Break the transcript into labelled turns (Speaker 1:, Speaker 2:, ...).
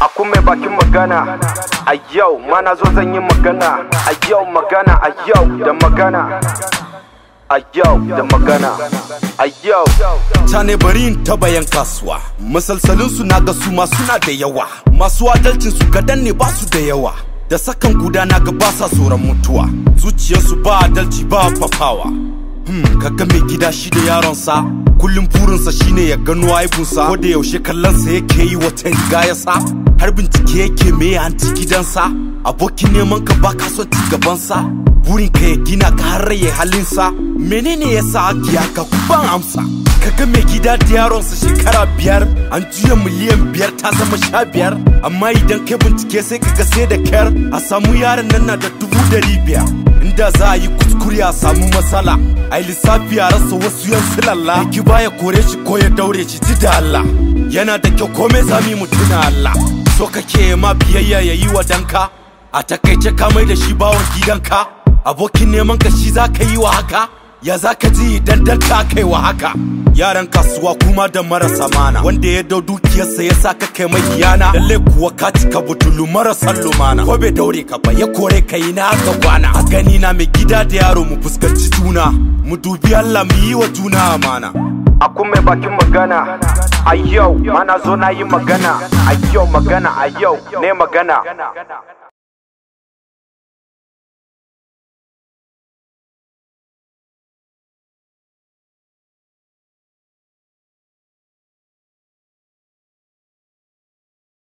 Speaker 1: a mai bakin magana a yau mana zo zan yi
Speaker 2: magana a yau magana a yau da magana a yau da
Speaker 1: magana a yau tane
Speaker 3: bari in ta bayan kasuwa masalsalin su na ga su ma suna da yawa masu adalcin su kadan ne ba su da yawa da sakan guda na ga ba sa tsoron mutuwa zuciyarsu ba adalci ba fafawa Hmm, kaga mai gida shi da yaronsa kullum burinsa shine ya gano aibunsa ko da yaushe kallonsa yake yi wata riga ya sa har bincike yake me ci gidansa abokin neman ka ba ka son ci gabansa burin ka ya gina ka har halin halinsa menene yasa ake haka kuban ban amsa ga mai gida da yaronsa shekara biyar an juya miliyan biyar ta zama sha biyar amma idan kai bincike sai ka ga sai da kyar a samu yaron nan na da dubu dari biyar inda za a yi kuskure a samu matsala a lissafi a rasa wasu yan silalla ki baya kore shi ko ya daure shi ji da Allah yana da kyau komai zami mu tuna Allah so kake ma biyayya ya yi wa danka a takaice ka mai da shi bawon gidanka abokin neman ka shi za ka yi wa haka ya za ka ji idan danka kai wa haka yaran kasuwa kuma da marasa mana wanda ya dau dukiyarsa ya sa ka kai mai kiyana lalle kuwa ka cika butulu marasa lumana ko bai daure ka ba ya kore ka yi na aka kwana a gani na mai gida da yaro mu fuskanci juna mu dubi Allah mu
Speaker 2: yi wa juna amana a kun mai bakin magana a yau mana zo na yi
Speaker 1: magana a yau magana a yau ne magana